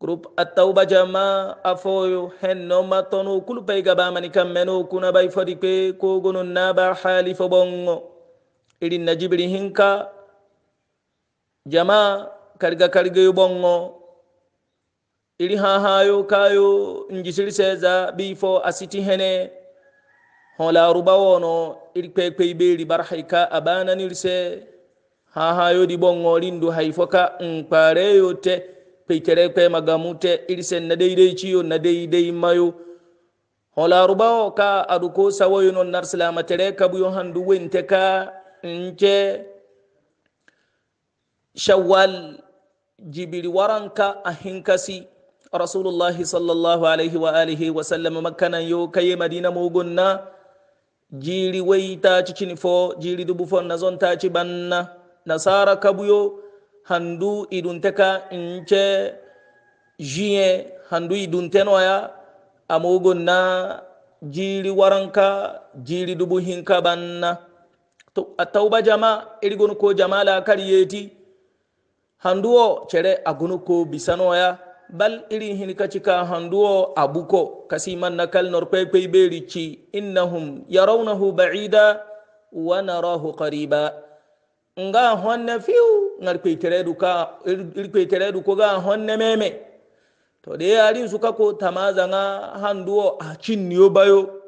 group attauba jama afoyo henno mattono kulubay gabamani kammeno kuna bay fodi pe ko gono naba halifo bongo irin najibri hinka jama karga karga yo bongo iri ha ha yo kayo njisiri seza bifo asiti hene hola ruba wono iri pe pe beri barhaika abana nirse ha ha yo di bongo rindu haifoka mpareyo te mm, peikere kwe magamute irisen na daidai ciyo na daidai mayo holarubawo ka aduko sawayo non nar silamatere kabuyo handu wente ka nce shawwal jibiri waranka ahinkasi. hinkasi rasulullahi sallallahu alaihi wa alihi wa sallam makana yo kaye madina mugunna na jiri wai ta ci jiri dubu fon na zon ta ci nasara kabuyo handu idunteka nche jie handu ya amugo na jiri waranka jiri dubu hinka banna to atauba jama irgon ko jamala kariyeti handuwo chere agunu ko ya bal irin hinka cika handuwo abuko kasiman na kalnor kwaikwai berici innahum yarawnahu ba'ida wa narahu qariba nga honne fiu ngar kweiteredu ka ko ga honne meme to de ari suka ko tamaza nga handuo a cinniyo bayo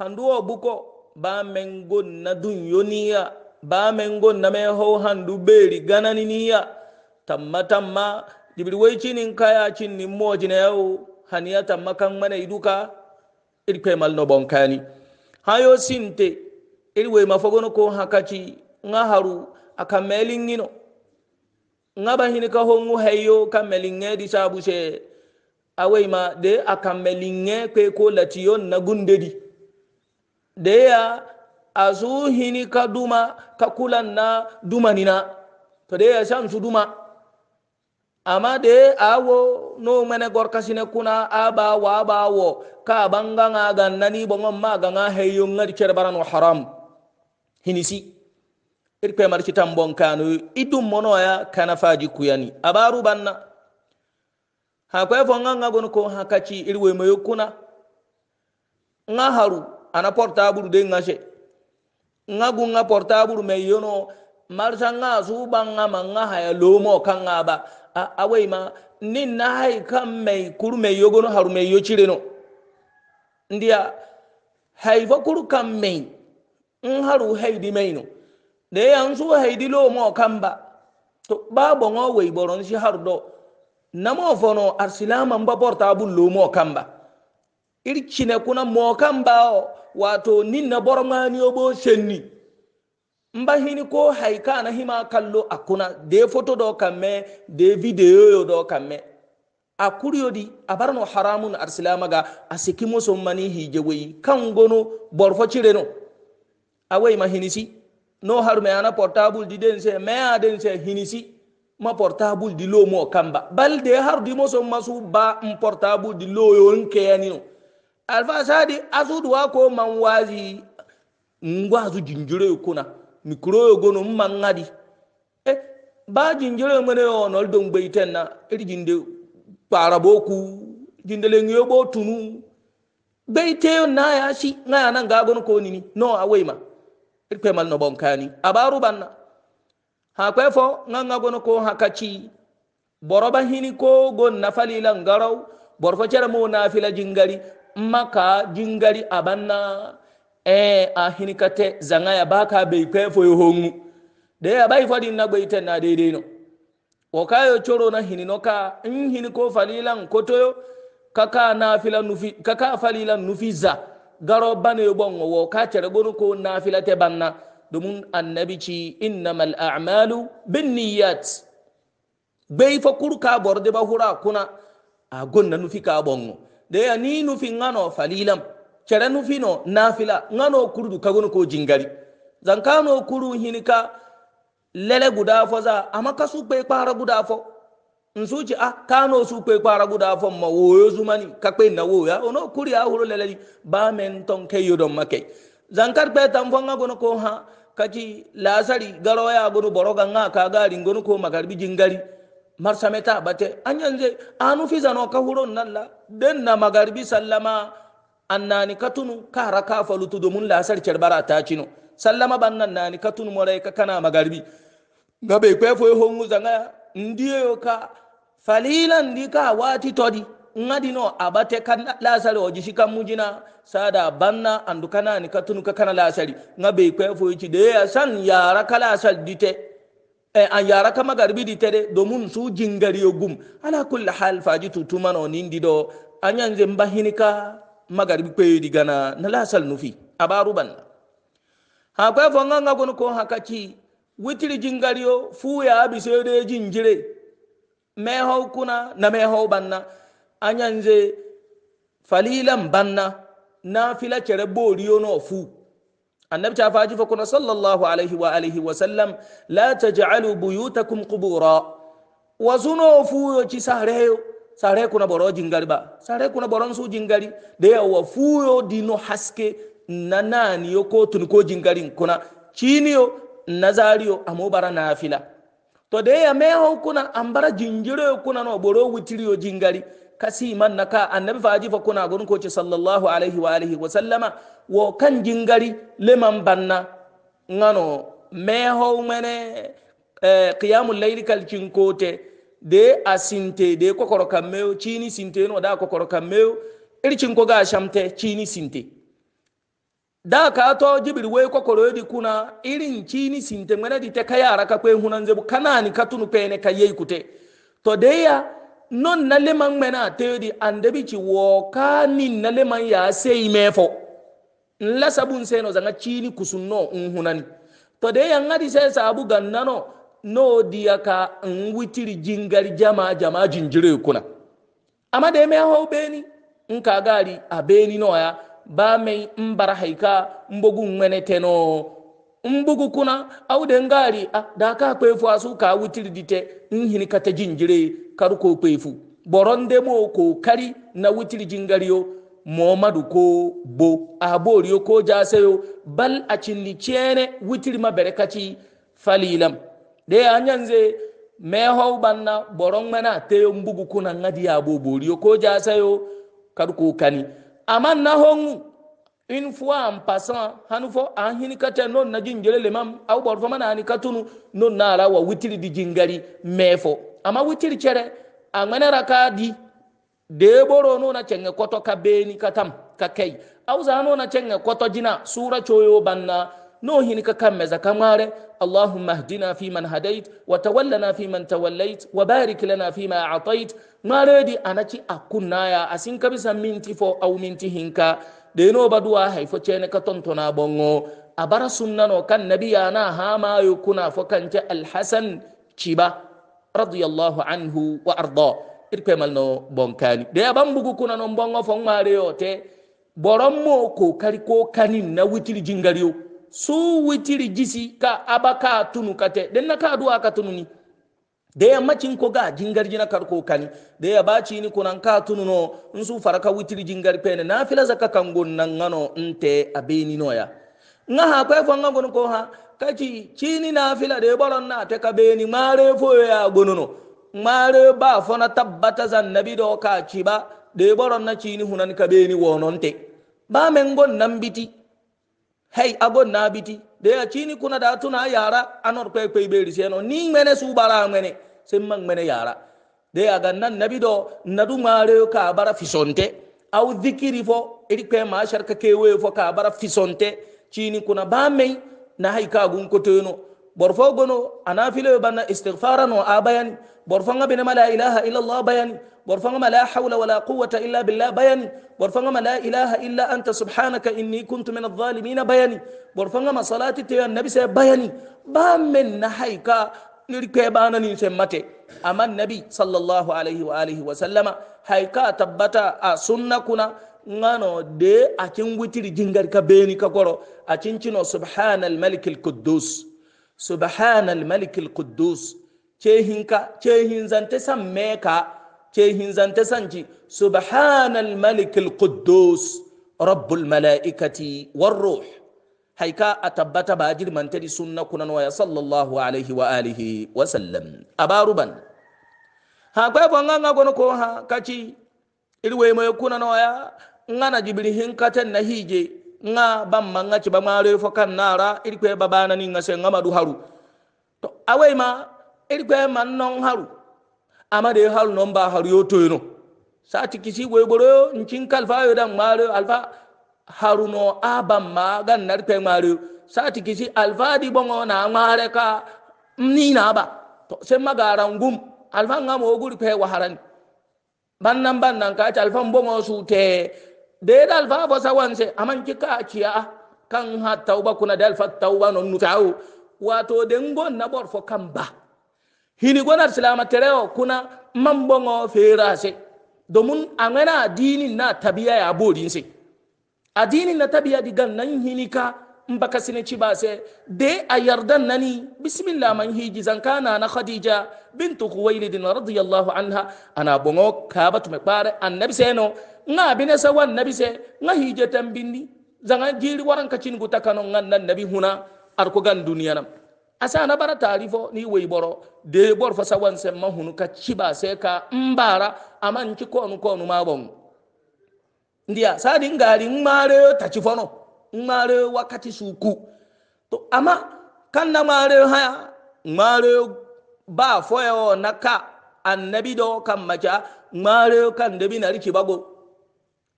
handuo buko ba mengo na dunyo niya ba mengo na meho handu beri ganani niya tamma tamma dibiri wai cinin kaya cinnin moji na yau haniya tamma kan mana iduka irkwe mal no bonkani hayo sinte irwe mafagono ko hakaci nga haru akamelingino ngaba hini ka hongu hayo kamelinge di sabu se awai ma de ne kwe ko latiyo na gundedi de ya azu hini ka duma ka kulan na nina, to de ya san su duma amma de awo no mene gorkasine kuna aba wa ba wo ka banga nga ni bongon ma ganga hayo ngadi cerbaran haram hinisi irkwe marci tambon kanu idun monoya kana faji kuyani abaru banna hakwe fonga nga gon ko hakaci irwe mayo kuna nga haru ana portable de nga she nga gun nga portable me yono marsa nga su banga manga haya lomo kanga ba a awai ma nin na hai kan mai kuru mai yogono haru mai yo cireno ndia haifa kuru kan mai in haru haidi mai no de yanzu su haidi lo mo kamba to ba bongo we boron shi hardo namo fono arsilama mba porta bu lo mo kamba irkine kuna mo kamba o wato nin na bormani obo shenni mba hini ko haika na hima kallo akuna de foto do kamme de video yo do kamme a kuriyodi a no haramun arsilama ga a siki muso mani hije wei kan gono borfo cireno a wei mahinisi no har me ana portable di den se me a den se hinisi ma portable di lo mo kamba bal de har di mo masu ba m portable di lo yo nke yani no alfa sadi asudu wa ko man wazi ngwazu jinjure kuna mikro yo gono man ngadi eh ba jinjire ne o nol don gbe iten na iri jinde para boku jinde le ngiyo bo tunu gbe ite na ya shi na ya nan ga gon ko nini no awai ma irkwe mal no bonkani abaru banna ha kwefo fo nganga gono ko hakachi boroba hini ko gon nafalila ngaraw borfo cera mo nafila jingari maka jingari abanna e a hini kate zanga ya baka be kwefo fo yohongu de ya bai fadin na gwaita na daidai no o kayo choro na hini no ka in hini ko falila nkotoyo kaka nafila nufi kaka falila nufiza garo bane bon wo ka cere gonu ko nafilate banna domin annabi ci innamal a'malu binniyat bai fa kurka borde ba hura kuna a gonna nufi ka bon da ya ni nufi ngano falilam nu fi no nafila ngano kurdu ka gonu ko jingari zankano kuru hinika lele guda fo za amaka kasu bai kpara guda fo nsuci a ah, kano su kwe kwara guda fon ma woyo zumani kakpe na woya ah, ono kuri a ah, huru lelali ba men ton ke yodon makai zankar pe tan nga gono ko ha kaki lasari garoya gudu boroga nga ka gari gono ko makarbi jingari marsameta bate anyanze anu fizano ka huro nalla den na magarbi sallama annani katunu ka raka mun domin lasar cerbara ta cino sallama bannan nani katunu morai ka kana magarbi gabe fo foy hongu zanga ndiyo ka falilan di ka wati todi ngadi no abate kan lasari oji shika mujina sada banna andukana ni katunu ka kana lasari ngabe kwe fo ichi de ya san yara kala sal dite e an yara kama garbi dite de domun su jingari ogum ala kulli hal faji tutuma nindi do anyan zemba hinika magarbi kwe gana na lasal nufi abaru banna ha kwe fo nganga kono ko hakachi witiri jingariyo fu ya bi sede jingire mehau kuna na mehau banna anya nze falilan banna na fila kere boriyo no annabi ta faji fa kuna sallallahu alaihi wa alihi wa sallam la taj'alu buyutakum qubura wazuno fu yo ci sareyo sare kuna boro jingari ba sare kuna boron su jingari da yawa fuyo dino haske na nani yo ko tun ko jingarin kuna ciniyo nazariyo amobara nafila to de ya meho kuna ambara jinjiro kuna no boro wutiriyo jingari kasi man naka annabi faji fa kuna gon koce sallallahu alaihi wa alihi wa sallama wo kan jingari le man banna ngano meho mene eh, qiyamu layli kal jinkote de asinte de kokoro kammeo chini sinte no da kokoro kammeo irchin ko ga shamte chini sinte daka to jibiri we ko koroyodi kuna irin chini sinte mwene dite kayara ka kwe huna nzebu kanani katunu pene kaye kute to deya non na leman mena teodi andebi ci woka ni na leman ya sei mefo nla sabun seno zanga chini kusunno nhunani to deya ngadi sai sabu gannano no diya ka nwitiri jingari jama jama jinjire kuna amma da ya mai hau beni in gari a no ya ba mbara haika mbogu ngwene teno mbugu kuna au dengari a ah, da ka kwefu asu ka wutir dite in kata jinjire kar ko kwefu boron demo ko kari na wutir jingariyo momadu ko bo a boriyo ko jaseyo bal a cinni cene wutir ma falilam de anyanze meho banna boron mana te mbugu kuna ngadi ya bo boriyo ko ko kani ama na hongu une fois en passant hanu fo an hinikate non na jinjele le mam aw bor fo manani katunu non na ala wa witiri di jingari mefo ama witiri chere angana rakadi de boro no na chenge koto ka beni katam ka kai aw za no na chenge koto jina sura choyo banna نوهنك كم زكمار اللهم اهدنا في من هديت وتولنا في من توليت وبارك لنا فيما أعطيت ما ردي أنا تي أكونا يا أسينك بس منتي فو أو منتي هنكا دينو بدوا هاي فو تشينك تنتنا بونغو أبرا سنة كان نبي أنا هاما يكونا فو كانت الحسن كيبا رضي الله عنه وأرضاه irpemal no bonkani de abambugu kuna no bongo fo ngare yote boromo ko kari ko kanin na witiri jingariyo su witiri jisi ka aba ka tunu kate denna ka duwa ka tunu ni da ya macin ko ga jingar jina kar ko kani da ya baci ni kunan ka tunu no in su faraka witiri jingar pene na fila zaka kan gon nan ngano nte abeni no ya nga ha ko fa nga gon ko ha kaci cini na fila da ya na ta ka beni mare fo ya gonono mare ba fo na tabbata zan nabi do ka ci ba da ya na cini hunan ka beni wononte ba men gon nan biti hey abon na biti de ya chini kuna da tuna yara anor pe pe beri no ni mene su bara mene sem mang mene yara de ya ga nan nabi do nadu mare ka bara fisonte au dhikiri fo iri pe ma sharka we fo ka bara fisonte chini kuna ba mai na hay ka gun koteno borfo gono anafile banna fara no abayani borfo ngabe na mala ilaha illa allah bayani borfangama la hawla wala quwwata illa billah bayani borfangama la ilaha illa anta subhanaka inni kuntu min adh-dhalimin bayani borfangama salati te annabi se bayani ba men na haika nirke bana ni se mate nabi sallallahu alaihi wa alihi wa sallama haika tabbata a sunna kuna ngano de a cin witiri jingar ka beni ka goro a cin cino subhanal quddus subhanal quddus cehinka cehin zante san meka ke hinzanta sanci subhanal malikil quddus rabbul malaikati war haika a tabbata ba jirmantari sunna kunan waya sallallahu alaihi wa alihi wa sallam abaruban ha kwai bonga nga gono ko ha kaci irwe mai kunan waya nga na jibri hin katan na hije nga bamma nga ci ba mare fo kan nara irkwe babana ni nga se haru to awai ma irkwe man non haru amade haru non ba haru yo toyno sati kisi goy boro ncin kalfa yo da maro alfa haru no aban ma gan nar pe maro sati kisi alfa di bongo na mare ka ni na ba to sai magaran gum alfa ngamo guri pe waharan bannan bannan ka ci alfa bongo su te de da alfa bo sawanse aman kika ciya kan ha tauba kuna da alfa tauba non nutawo wato dengon na bor fo kan ba hini gonar silama tereo kuna mambongo ferase domin a ngana addinin na tabiya ya bodin nse addinin na tabiya gan nan hini ka mbaka sine ci ba sai de a yardan nani bismillah man hiji zankana na khadija bintu khuwailid radiyallahu anha ana bongo kaba me bare annabi sai no nga bine sa wan nabi sai nga hije tambindi zanga jiri waran kacin gutakano nan nabi arko gan duniya asa na bara tarifo ni we boro de bor fa sawan sem mahunu ka ciba se ka mbara aman ci konu konu ma bon ndia sadi ngari ngmare ta ci fono ngmare wakati suku to ama kan na mare haya ngmare ba foyo na ka annabi do kan maca ngmare kan de bi na riki bago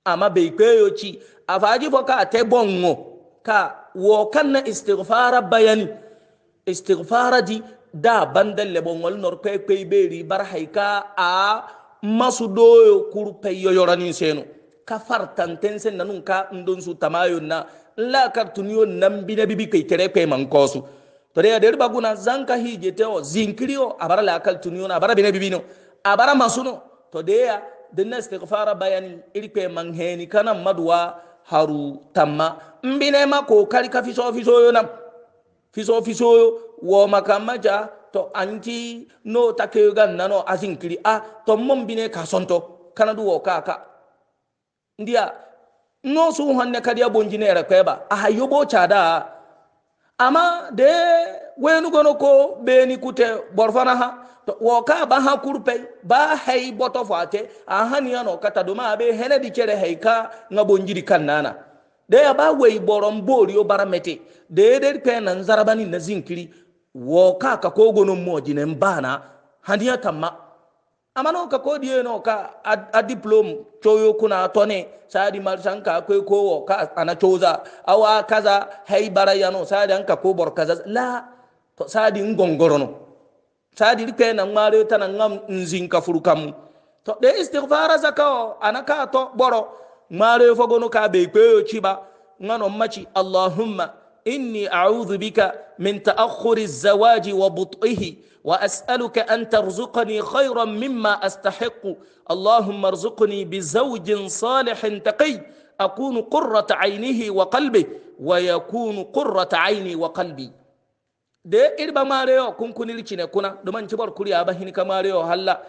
ama be kweyo ci afaji fo ka te bongo ka wo kan na istighfara bayani di da bandal le bongol nor kwe kwe beri bar haika a masu doyo kurpe yoyorani senu ka fartanten sen nanun ka ndon su tamayon na la yo nan bi na bibi kai tere kwe mankosu to de der baguna zanka hije o zinkrio abara la yo na abara bi na bibi no abara masuno to de ya dinna istighfara bayani man mangheni kana madwa haru tamma mbine ma kokari ka fiso yo fiso fiso wo makammaca to anti no takeyogan nano asinkiri a to mon bine ka du kanadu wo kaka ndiya no su hanne kadiya bonjinere kweba a hayobo cada ama de wenugono ko beni kute borfana ha to wo ka ba ha kurpe ba hay boto fate a haniyano kata duma be henedi kere hay ka nga bonjiri kannana da ya ba wai boron bori o bara mete da ya dari pe na zarabani na zinkiri wo ka ka ko gonon mo jinen bana haniya kamma amano ka ko diye no ka a diplom choyo kuna tone sadi marsan ka ko ko wo ka ana choza awa kaza hay bara yano sadi an ka ko bor kaza la to sadi ngongorono sadi rike na ngare tan ngam nzin ka furukam to de istighfara zakao anaka to boro maro fogono ka be kweyo ciba ngano maci allahumma إني أعوذ بك من تأخر الزواج وبطئه وأسألك أن ترزقني خيرا مما أستحق اللهم ارزقني بزوج صالح تقي أكون قرة عينه وقلبه ويكون قرة عيني وقلبي de irba mareo kun kuna ɗumanci bar kuriya ba hini halla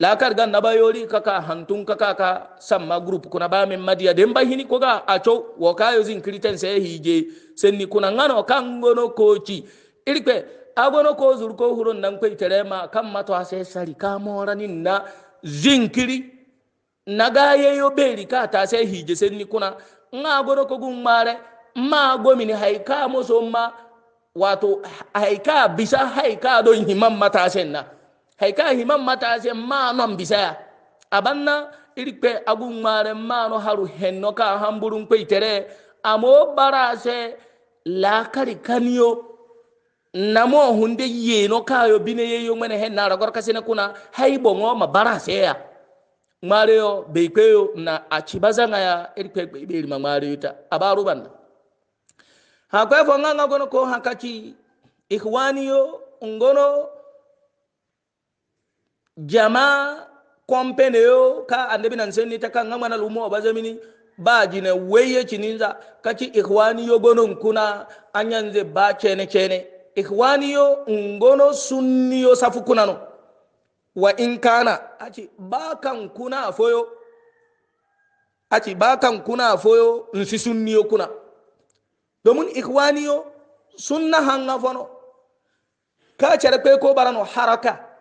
lakar gan naba yori kaka hantun kaka ka samma group kuna ba min madia den ba hini koga a cho wo ka yo zin kriten se hije senni kuna ngano kan gono kochi irikwe agono ko zur ko huron nan kwe terema kan mato ase sari ka morani na zinkiri naga ye yo beri ka ta se hije senni kuna nga agono ko gun mare ma gomi ni haika mo so ma wato haika bisa haika do himan mata senna na haika himan mata se manon bisaya abanna irikpe agun mare mano haru henno ka hamburun kwe tere amo bara se lakari kaniyo namo hunde yeno kayo bine yeyo mene hen nara gor kasina kuna haibo ngoma bara se ya mare yo yo. na achibazanga ya irikpe ibiri mangmare yuta abaru banda hakwe fo nganga gono ko hakaki ikhwaniyo ngono jama kompene yo ka annabi nan nseni taka ta ngama na lumo ba zamini ba jine weye chininza kachi ikhwani yo gono nkuna anyanze ba chene chene ikhwani yo ngono sunni yo safu kunano wa inkana achi aci ba kan kuna foyo aci ba kan kuna foyo nsi sunni yo kuna domin ikhwani yo sunna hanga fono ka cere ko barano haraka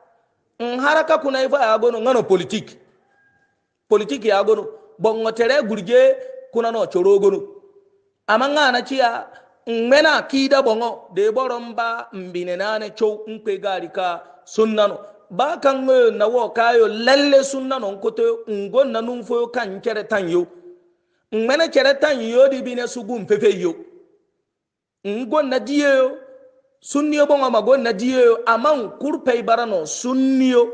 Mm. haraka kuna ifa ya gono ngano politik politik ya gono bongo tere gurje kuna no choro gono amma ngana ciya ngmena kida bongo de boron ba mbine nane chow nkwe gari ka sunnano ba kan ngoyo na wo kayo lalle sunnano nkoto ngon na numfo kan kere tanyo ngmena kere tanyo di bine sugu mpefe yo ngon na diye yo sunniyo bon ma gonna diyo aman kurpei barano sunniyo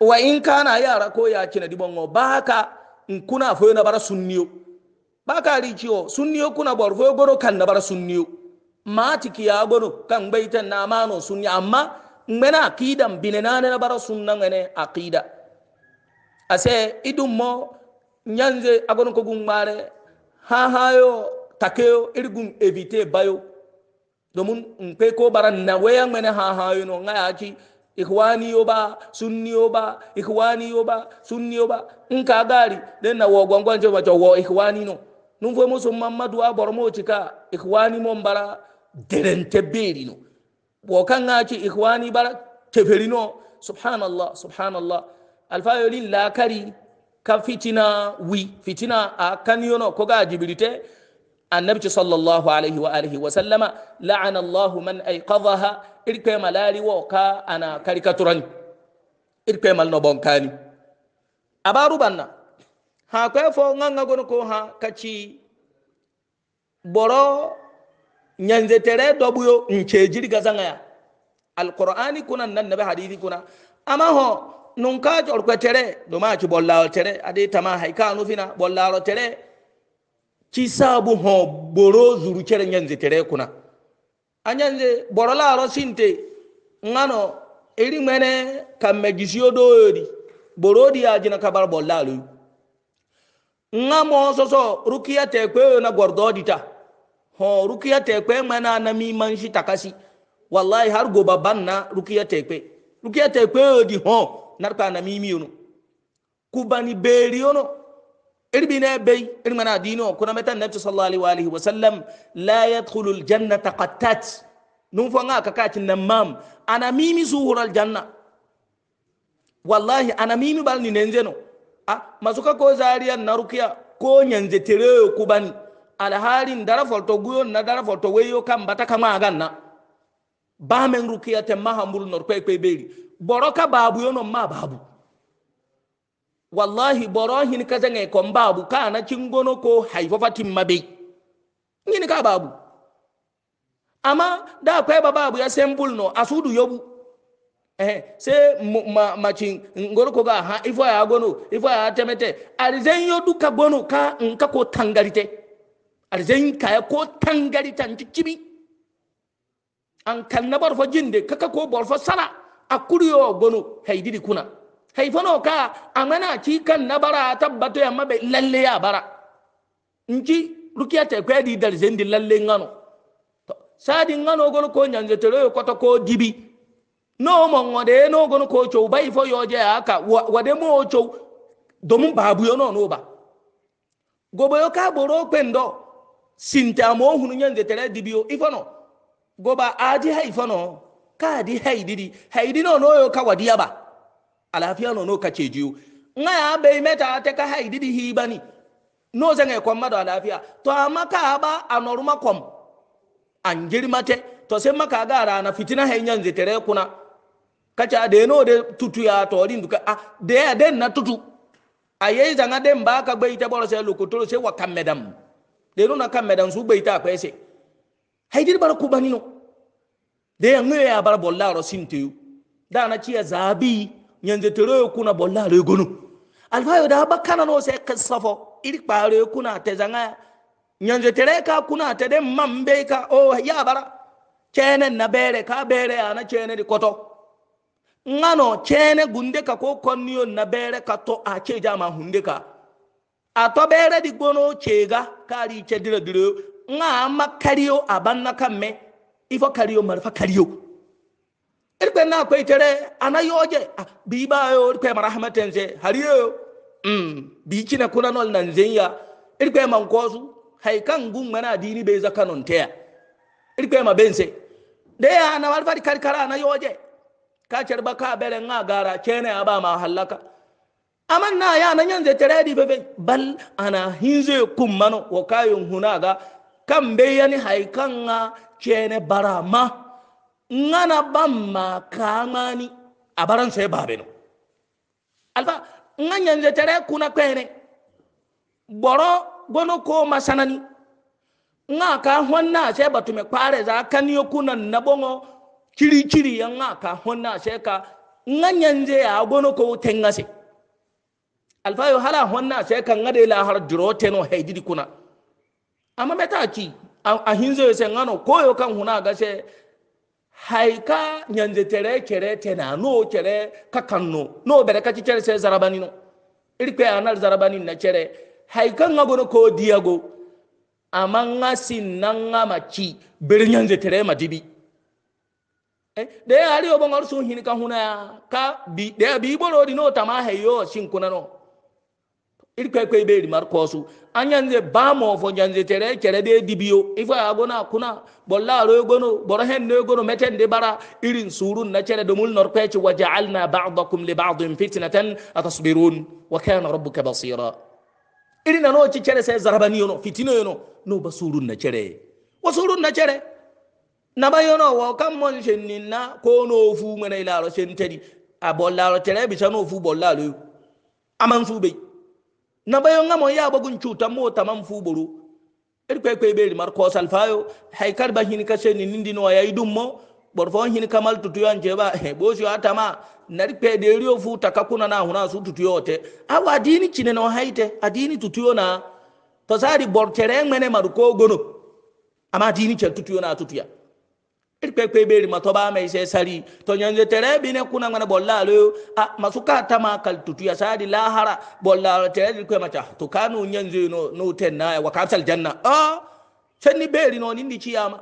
wa in kana yara ko ya kina di bongo baka in kuna foyo na bara sunniyo baka ri ciwo sunniyo kuna bor foyo goro kan na bara sunniyo mati ki ya goro kan baita na mano sunni amma ngena akida mbine nane na bara sunna ngene akida ase idummo nyanze agon ko gumare ha ha hayo takeo irgun evite bayo domin in kai ko baran na wayan mana ha ha yi no ngaya ki ikhwani yo ba sunni yo ba ikhwani yo ba sunni yo ba in ka gari den na wo gwangwan je wajo wo ikhwani no nun fo musu mamadu a bormo cika ikhwani mbara bara te beri no wo kan ga ki ikhwani bara teferi no subhanallah subhanallah la kari ka fitina wi fitina a yo no ko ga jibilite النبي صلى الله عليه وآله وسلم لعن الله من أيقظها إركي ملالي وكا أنا كاريكاتوران إركي مال نبون كاني أبارو بنا ها كيفو نغنغ نغنكو ها كاتشي برو نينزتره دوبو يو نشيجيري غزانا القرآن كنا ننبه حديثي كنا أما هو نونكاج أركو تره دوما أجو بولاو تره أدي تما هيكا نوفينا بولاو تره ci saabu ho boro zuru kere nyanze tere kuna anyanze boro laro sinte ngano eri mene kamme gisio doyodi boro di ajina kabar bollalu nga mo soso rukiya te kwe na gordo dita ho rukiya te kwe mana na mi manshi takasi wallahi har goba banna rukiya te kwe rukiya te kwe di ho narka na mi mi uno kubani beri eri bine bey eri mana dino kuna metan nabi sallallahu alaihi wa alihi wasallam la yadkhulul jannata qattat num fo nga kaka namam ana mimi zuhural janna wallahi ana mimi bal ni nenzeno ah mazuka ko zariya narukiya ko nyanze tereyo kubani alhali ndara folto guyo na dara folto weyo kam bata kama aganna ba men rukiya te mahamul nor pe pe beri boroka babu yono ma babu wallahi boro hin kaza ngai kon babu ka na kingono ko haifafa timma bai ngini ka babu amma da kai ba babu ya sembul no asudu yobu eh se ma machin ngoro ko ga ha ifo ya gono ifo ya temete arizen yo duka gono ka nka ko tangarite arizen ka ya ko tangarita ntikibi an kan na barfo jinde kaka ko barfo sala akuriyo gono haididi kuna haifano ka a mana kikan na bara tabbato ya mabe lalle ya bara ki rukiya ta kwaya di darjen di lalle ngano sadi ngano gono ko nyanje tero ko ko dibi no mo ngode no gono ko chou bai fo je aka wade mo chow domin babu yo no no ba gobo yo ka boro pendo sinta mo hunu nyanze tere dibi yo ifono goba aji haifano ka di haididi haidino no yo ka wadiya ba alafiya no no kace jiyo nga ya bai meta ta ka haidi di bani. no e kwa mado alafiya to amaka ka ba anorma kom an girmate to sai maka ga rana fitina nyanze tere kuna kace da no de tutu ya to rin duka ah de ya den na tutu aye zanga den ba ka bai ta boro sai lokotoro sai wa kamedam de no na kamedam su bai ta kwese haidi bar ku no de ya ngwe ya bar bollaro sinteyu dana ciya zabi nyenzetero kuna bolla re gonu alfayo da ba kana no se kasafo iri pare kuna tezanga nyenzetere ka kuna tede mambe ka o oh, ya bara chene na bere ka bere ana chene di koto ngano chene gunde ka ko konniyo na bere ka to a che jama hunde ka ato bere di gono chega kari che dire dire nga ama kariyo abanna kamme ifo kariyo marfa kariyo irpe na pe tere anayoje biba yo ah, irpe marahmaten se hariyo mm bi kina kuna nol nan zenya irpe man kosu hayi kan gun mana dini be zakanon teya irpe ma bense de ya na walfar karkara anayoje ka cerba ka bere nga gara cene aba ma halaka aman na ya nan yanzu tɛrɛ di fɛfɛ bal ana hinze kummano wakayun hunaga kan bayani haikan nga cene barama ngana bamma kamani abaran sai no alfa nganya nzetere kuna kwene boro gono ko masanani nga ka honna sai batume kware za kaniyo kuna nabongo kiri kiri ya nga ka honna sai ka nganya nze ya gono ko tengase alfa yo hala honna sai ka ngade la har jurote no haididi kuna amma meta ki a hinzo sai ngano koyo kan huna ga sai haika nyanze tere kere tena no kere kakanno no bere ka kicere se zarabani no irikwe anar zarabani na kere haika ngago no ko diago amanga sinanga machi bere nyanze tere madibi eh de ari obo ngar so hin ka huna ka bi de bi boro di no tama hayo shin kuna no irkwekwe ibe rimar kosu anyanze ba mo fo nyanze tere kere de dibiyo ifo ya gona kuna bolla ro gono boro hen ne gono meten de bara irin surun na cere do mul nor kweci waja'alna ba'dakum li ba'din fitnatan atasbirun wa kana rabbuka basira irin no ci cere sai zarabani yono fitino yono no basurun na cere wasurun na cere na bayono wa kam mon shennin na ko no fu mena ilaro shentedi a bolla ro tere bi sano bolla lo aman su na bayo nga mo ya bagun cuta mo tamam fu buru ir er kwe kwe beri mar ko salfayo haikar ba hin ka seni nindi no yayi dum mo bor fo hin ka tutu yan jeba he bo shi atama na ri kwe de riyo fu takakuna na huna su tutu yote awa adini chine no haite adini tutu na fasari bor tere mene mar ko gono ama adini chen tutu na tutu ya irkpekpe beri ma toba mai sai sari to yanzu tere bi ne kuna ngana bolla lo a ah, masu ka ta ma kal tutu ya sadi lahara bolla tere di ko mata to kanu yanzu no no ten na wa kapsal janna a ah, sanni beri no nindi ciyama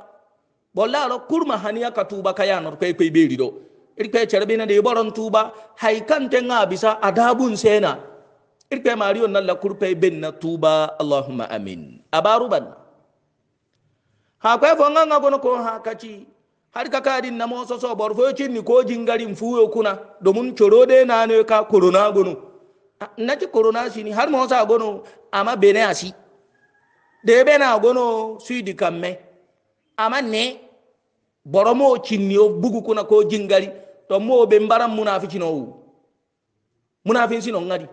bolla lo kurma haniya ka tuba kaya no kpekpe beri do irkpe tere bi ne de boron tuba hay kan ten ga bisa adabun sena irkpe mario nala la kurpe ben na tuba allahumma amin abaruban ha kwai fonga ngabo no ko ha ci. har ka kadi namo soso bor fo cinni ko jingarin fuyo kuna domin corode nano ka corona gono ah, naci corona sini har mosa gono ama bene asi de bena gono suidi kamme ama ne boromo cinni o bugu kuna ko jingari to mo be mbaran munaficinowu munafin sino ngadi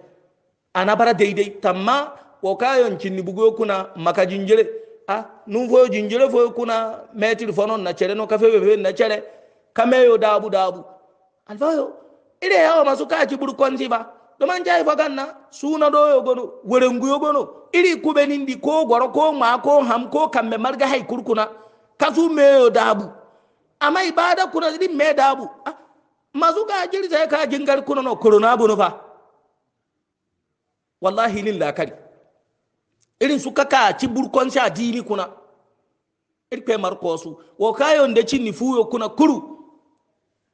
ana bara deidei tamma wo kayon cinni bugo kuna maka jinjere a ah, numfoyo jinjire foyo kuna metri fono na chere no kafe bebe na chere kameyo dabu dabu alfayo ire yawo masu kaci burkonti ba domin jayi fagan na suna doyo gono nguyo gono iri kube nindi ko gwaro ko ma ko ham ko kambe marga hay kurkuna kasu meyo dabu ama ibada kuna din me dabu ah, masu ka jirta ka jingar kuna no corona bunu fa wallahi lillahi irin su kaka ci burkon a dini kuna irpe marko su wo kayon da cin nifuyo kuna kuru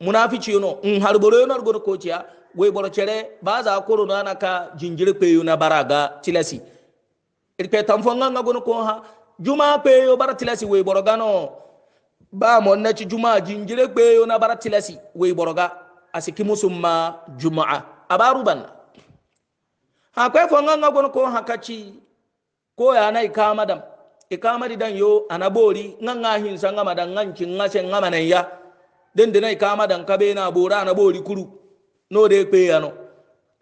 munafici yono in mm, harboro yonar gono kociya wai borcere ba za koro na naka jingir peyo na baraga tilasi irpe tamfon nga gono ko ha juma peyo bar tilasi wai gano ba mo na ci juma jingire peyo na bar tilasi wai ga asiki musumma jumaa abaru ban ha kai fon nga gono ko ha kaci ko ya na ikama dam ikama madi dan yo anabori nganga hin sanga madan nganci ngase ngama nan ya den de na ikama dan kabe na bora bori kuru no de pe ya no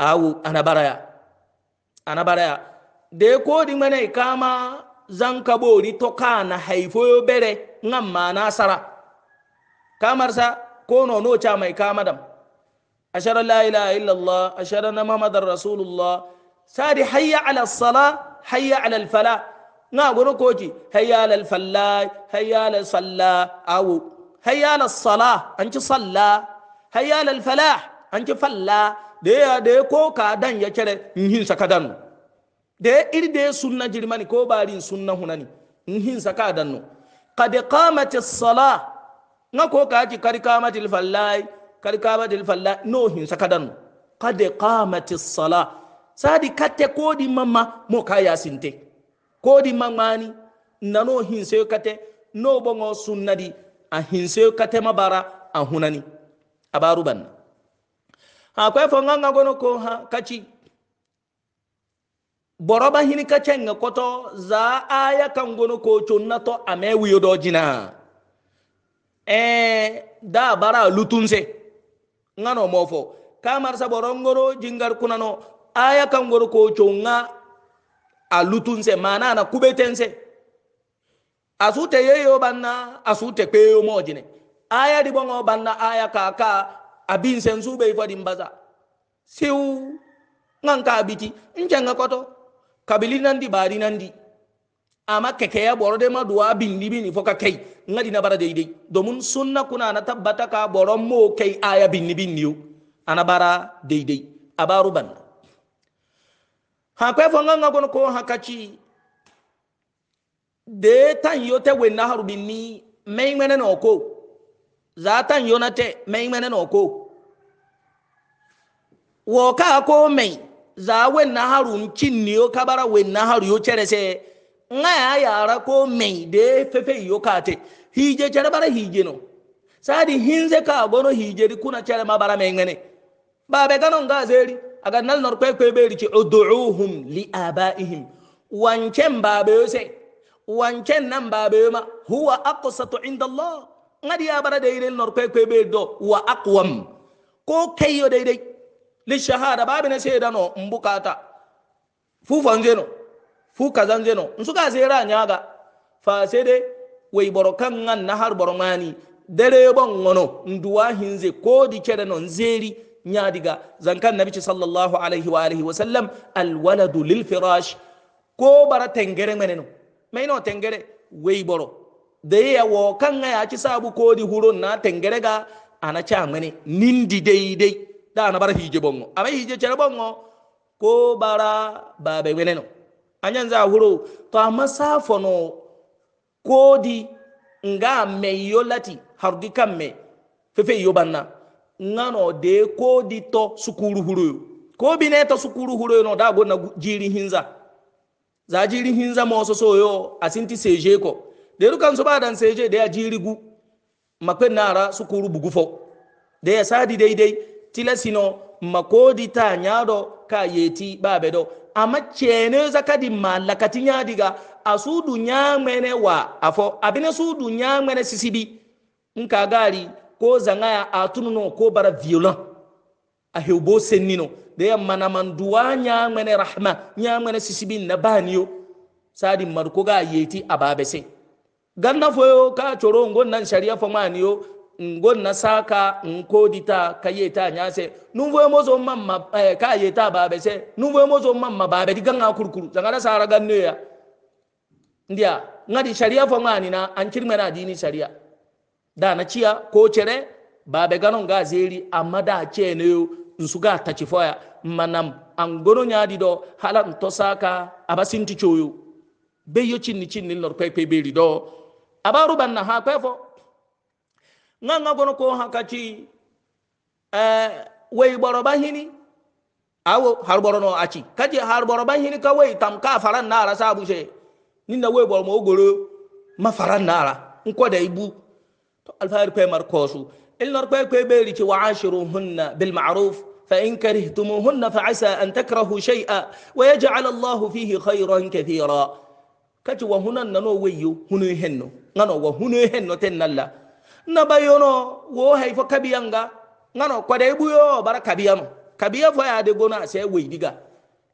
awu ana baraya. ana ya de ko di ma ikama ka bori to na haifo yo bere ma na sara kamar sa ko no no cha mai kama dam ashara la ilaha illallah ashara na muhammadar rasulullah sadi hayya ala salah hayya alal fala na goro koji hayya alal falla hayya alal salla awo hayya alal sala an ci salla hayya alal fala an ci falla da ya da ko ka dan ya kere in hin saka dan da iri da sunna jirmani ko barin sunna hunani in hin saka dan no qad qamatis sala na ko ka ci kar qamatil falla kar qamatil falla no hin saka dan qad qamatis sala sadi katte kodi mamma mo kaya sinte kodi mamani nano hinse kate no bongo sunnadi a hinse kate mabara a hunani abaru banna ha kwe fonganga gono ko ha kachi boroba hini kacenga koto za aya kan gono ko conna to ame wiyodo jina e da bara lutunse ngano mofo kamar sa borongoro jingar kunano aya kan gor ko chonga alutun se mana na kubeten asute yeyo banna asute peyo mojine aya di bongo banna aya ka ka abin sen be fadin baza siu ngan ka abiti nje nga koto kabili nandi bari nandi amma keke ya boro de maduwa bin libi ni foka kai ngadi na bara daidai domin sunna kuna na tabbata ka boron mo kai aya bin libi niyo ana bara daidai abaru banna ha kwe fo nga ngagono ko ha kachi de tan yote we na bi ni mai mene no ko za tan yo na te mai mene no ko wo ka ko mai za we na haru nchin ni o kabara we na haru yo chere se nga ya ra ko mai de fefe yo ka te hije chere bara hije no sadi hinze ka gono hije di kuna chere mabara mai mene babe no nga zeri aga nal nor kwe kwe beri ci ud'uuhum li abaihim wancen be yose wancen nan ba be ma huwa aqsatu inda allah ngadi ya bara dai nor kwe kwe be do wa aqwam ko kayo dai dai li shahada babe na sheda no mbukata fu fanjeno fu kazanjeno nsuka zera nyaga fa sede wey boro kan ngan na har boro mani dare bon ngono nduwa hinze ko di kere non zeri ñaadiga zankan nabi sallallahu alaihi wa alihi wa sallam alwaladu firash ko bara tengere meneno meno tengere wey boro de ya wo kan ya ci sabu kodi huro na tengere ga ana cha mene nindi dei dei da na bara hije bongo ama hije chere bongo ko bara babe meneno anyan za huro to amma safono kodi nga me yolati hardi kamme fefe yobanna ngano de ko dito sukuru huruyo ko bine to sukuru huruyo no dago na jiri hinza za jiri hinza mo so soyo asinti seje ko de ba so dan seje de jiri gu makwen nara sukuru bugufo de ya sadi daidai tilasino makodi ta nyado ka yeti babe do amma cene zakadi malakati nyadiga asudu nyamene wa afo abine sudu nyamene sisibi nka gari ko ya zangaya atununo ko bara violent a hewbo sennino ya manaman duwa ñamene rahma ñamene sisibin na baniyo sadi madu koga yeti ababe se ganna foyo ka coro gonnan sharia fo maniyo na saka nkodita kayeta nyase numvoye mozo mamma eh, kayeta babe se numvoye mozo mamma babe diganga kurukuru zangana sara ganneya ndia ngadi sharia fo na manina ancirmena dini sharia da na ciya ko cere ba be ganon ga zeri amma da ce ne nsu ga ta ci foya manam an gono nya di do halan to saka abasinti choyo be yo cinni cinni lor pe pe beri do abaru ban na ha pe fo nga nga gono ko ha kaci eh wey boro ba hini awo har boro no aci kaji har boro ba hini ka wey tam ka faran na ara sabu she ninda wey boro mo goro ma faran na ara nko da ibu to كوي kwe markosu ilnar كوي kwe beri ci wa'ashiruhunna فإن كرهتموهن فعسى أن تكرهوا شيئا ويجعل الله فيه خيرا كثيرا كاتي وهنا نانو ويو هنو يهنو نانو وهنو يهنو هنو تنالا نبايونو وو هيف كبيانغا نانو كودا يو بارا كبيامو كبيا فيا دي غونا سي وي ديغا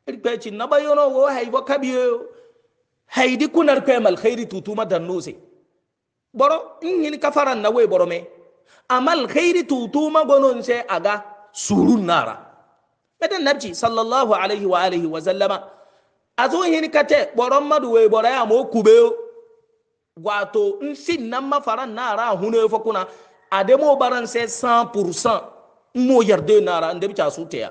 البيتي نبايونو وو هيف كبيو هيدي كونار كيمال خيري توتوما دانوسي boro in hin kafaran na we boro me amal khairi tutuma gonon se aga surun nara medan nabji sallallahu alaihi wa alihi wa sallama azo hin kate boro madu we boro ya mo kubeo wato in na nan mafaran nara hune fa kuna ademo baran se 100% mo yarde nara inde bica su teya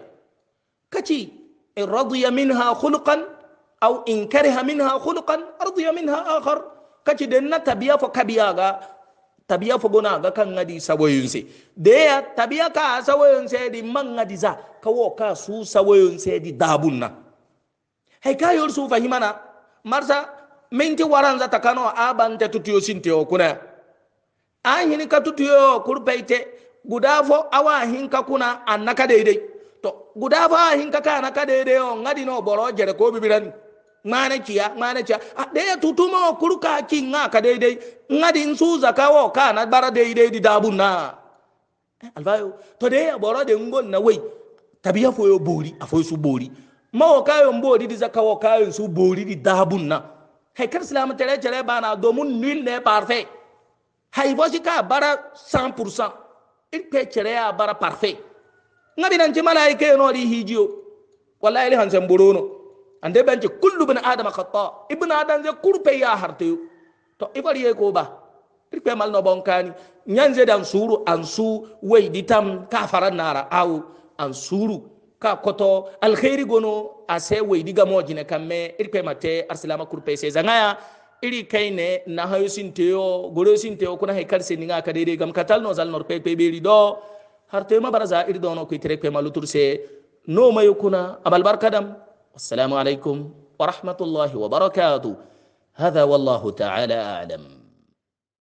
kaci in radiya minha khuluqan aw in kariha minha khuluqan radiya minha akhar kaci den na tabiya fo kabiya ga tabiya fo gona ga kan ngadi sawoyunse de ya tabiya ka sawoyunse di man ngadi za ka wo ka su sawoyunse di dabunna na hay ka yor su fahimana marsa minti waranza takano te tutiyo sinte kuna an hin ka tutiyo kurbaite guda fo awa ka kuna annaka daidai to guda fo awa hinka ka annaka daidai on ngadi no boro jere ko bibirani manakiya manakiya a ɗaya tutuma wa kuruka ki nga ka daidai nga din su zaka wa ka na bara daidai di dabun na eh, alfayo to daya ya boro da ngon na wai tabiya yo bori afoy su bori ma wa yo bori di zaka wa ka su bori di dabun na hay kar islam tere tere do mun nil ne parfait hay bosi ka bara 100% il pe tere ya bara parfait nga binan ci malaike no di hijio wallahi hansan borono ande banje kullu bin adama khata ibn adam je kurpe ya harte to ifari ye ko ba irpe mal no bonkani nyanze dan suru ansu wey ditam ka faran nara aw ansuru ka koto alkhairi gono ase wey diga mojine kamme irpe mate arsilama kurpe se zangaya iri kai ne na hayo sinteyo goro sinteyo kuna haikar se ninga ka dede gam katal no zal norpe pe beri do harte ma baraza irdono ko itre pe malutur se no mayo kuna abal barkadam والسلام عليكم ورحمة الله وبركاته هذا والله تعالى أعلم